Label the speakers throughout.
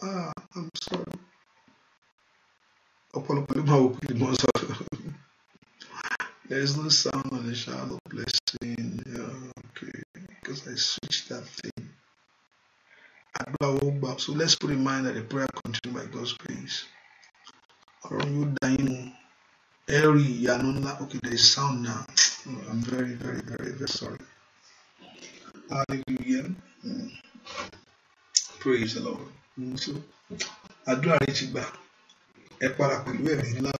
Speaker 1: Ah, I'm sorry. There's no sound on the shadow blessing. Yeah, okay, because I switched that thing. So let's put in mind that the prayer continues by God's grace. Around you dying, airy, yanona. Okay, there is sound now. Oh, I'm very, very, very, very sorry. Hallelujah. Hmm. Praise the Lord. nso àdúrà rẹ ti gbà ẹ padà pẹ̀lú ẹ̀mí ńlá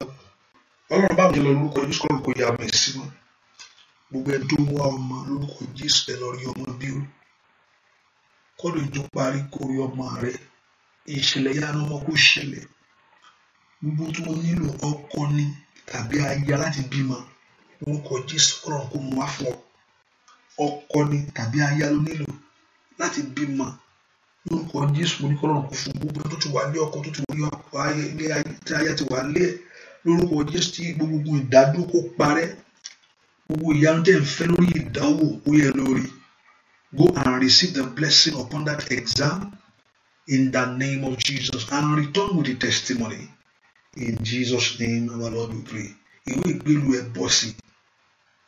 Speaker 1: ọlọ́run báwo ni lọ lórúkọ jésù kọ́ lórúkọ ìyá mi sí mọ́ gbogbo ẹni tó ń wá ọmọ lórúkọ jésù ẹ lọ rí ọmọ bí ó kọ́dọ̀ ìjọ parí kó rí ọmọ rẹ ìṣẹ̀lẹ̀ yára ọmọ kó ṣẹlẹ̀ gbogbo tí wọ́n nílò ọkọ ni tàbí aya láti bímọ orúkọ jésù ọlọ́run kò mú wá fún ọ ọkọ ni tàbí aya ló nílò láti bímọ lórúkọ Jésù ní kọ́lọ́run kò fún gbogbo tó ti wà lé ọkọ tó ti wọlé ọkọ ayé ti wà lé lórúkọ Jésù tí gbogbo ìdádúró kò parẹ́ gbogbo ìyanu tẹ̀ ń fẹ́ lórí ìdánwò ó yẹ lórí go and receive the blessing upon that exam in the name of Jesus and return with the testimony in Jesus name our Lord we pray ìwé ìgbélu ẹ bọ́ sí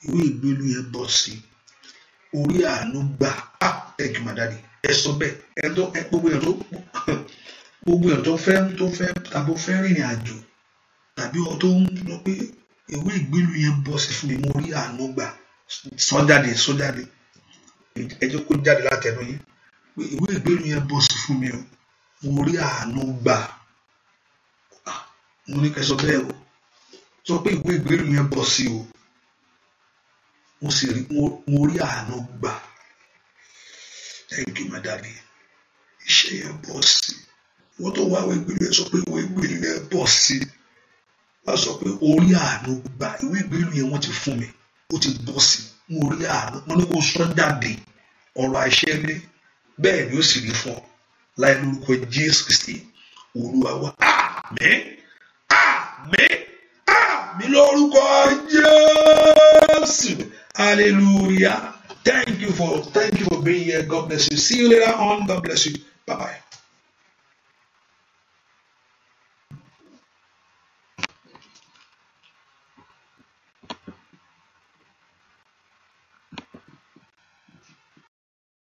Speaker 1: ìwé ìgbélu ẹ bọ́ sí orí àánú gbà ah thank you my daddy ẹ̀sùn bẹ́ẹ̀ ẹ̀tọ́ gbogbo èèyàn tó gbogbo èèyàn tó fẹ́ tó fẹ́ tàbí ó fẹ́ rìnrìn àjò tàbí ọ tó ń lọ pé ìwé ìgbélu yẹn bọ́ sí fún mi mo rí àánú gbà sọ́jáde sọ́jáde ẹjọ́ kó jáde látẹnu yín pé ìwé ìgbélu yẹn bọ́ sí fún mi o mo rí àánú gbà mo ní kẹsọ bẹ́ẹ̀ o sọ pé ìwé ìgbélu yẹn bọ́ sí o mo sì rí àánú gbà. Thank you, my daddy. Iṣẹ́ yẹn bọ́ sí. Wọ́n tó wá ìwé-ìgbélé sọ pé ìwé-ìgbélé yẹn bọ́ sí. Wọ́n sọ pé orí àánú gba ìwé-ìgbélé yẹn wọ́n ti fún mi. Ó ti bọ́ sí. Mo rí àánú. Mo ní kó sọ jáde. Ọ̀rọ̀ àìṣẹ́ ní. Bẹ́ẹ̀ ni ó sì rí fún ọ. Láì lórúkọ Jésù Kristi. Olúwa wa. Àmín. Àmín. Àmín lórúkọ Jésù. Hallelujah. Thank you for thank you for being here. God bless you. See you later on. God bless you. Bye bye.